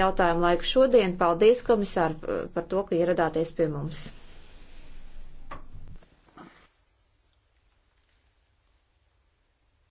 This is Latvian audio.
jautājumu laiku šodien. Paldies, komisār, par to, ka ieradāties pie mums.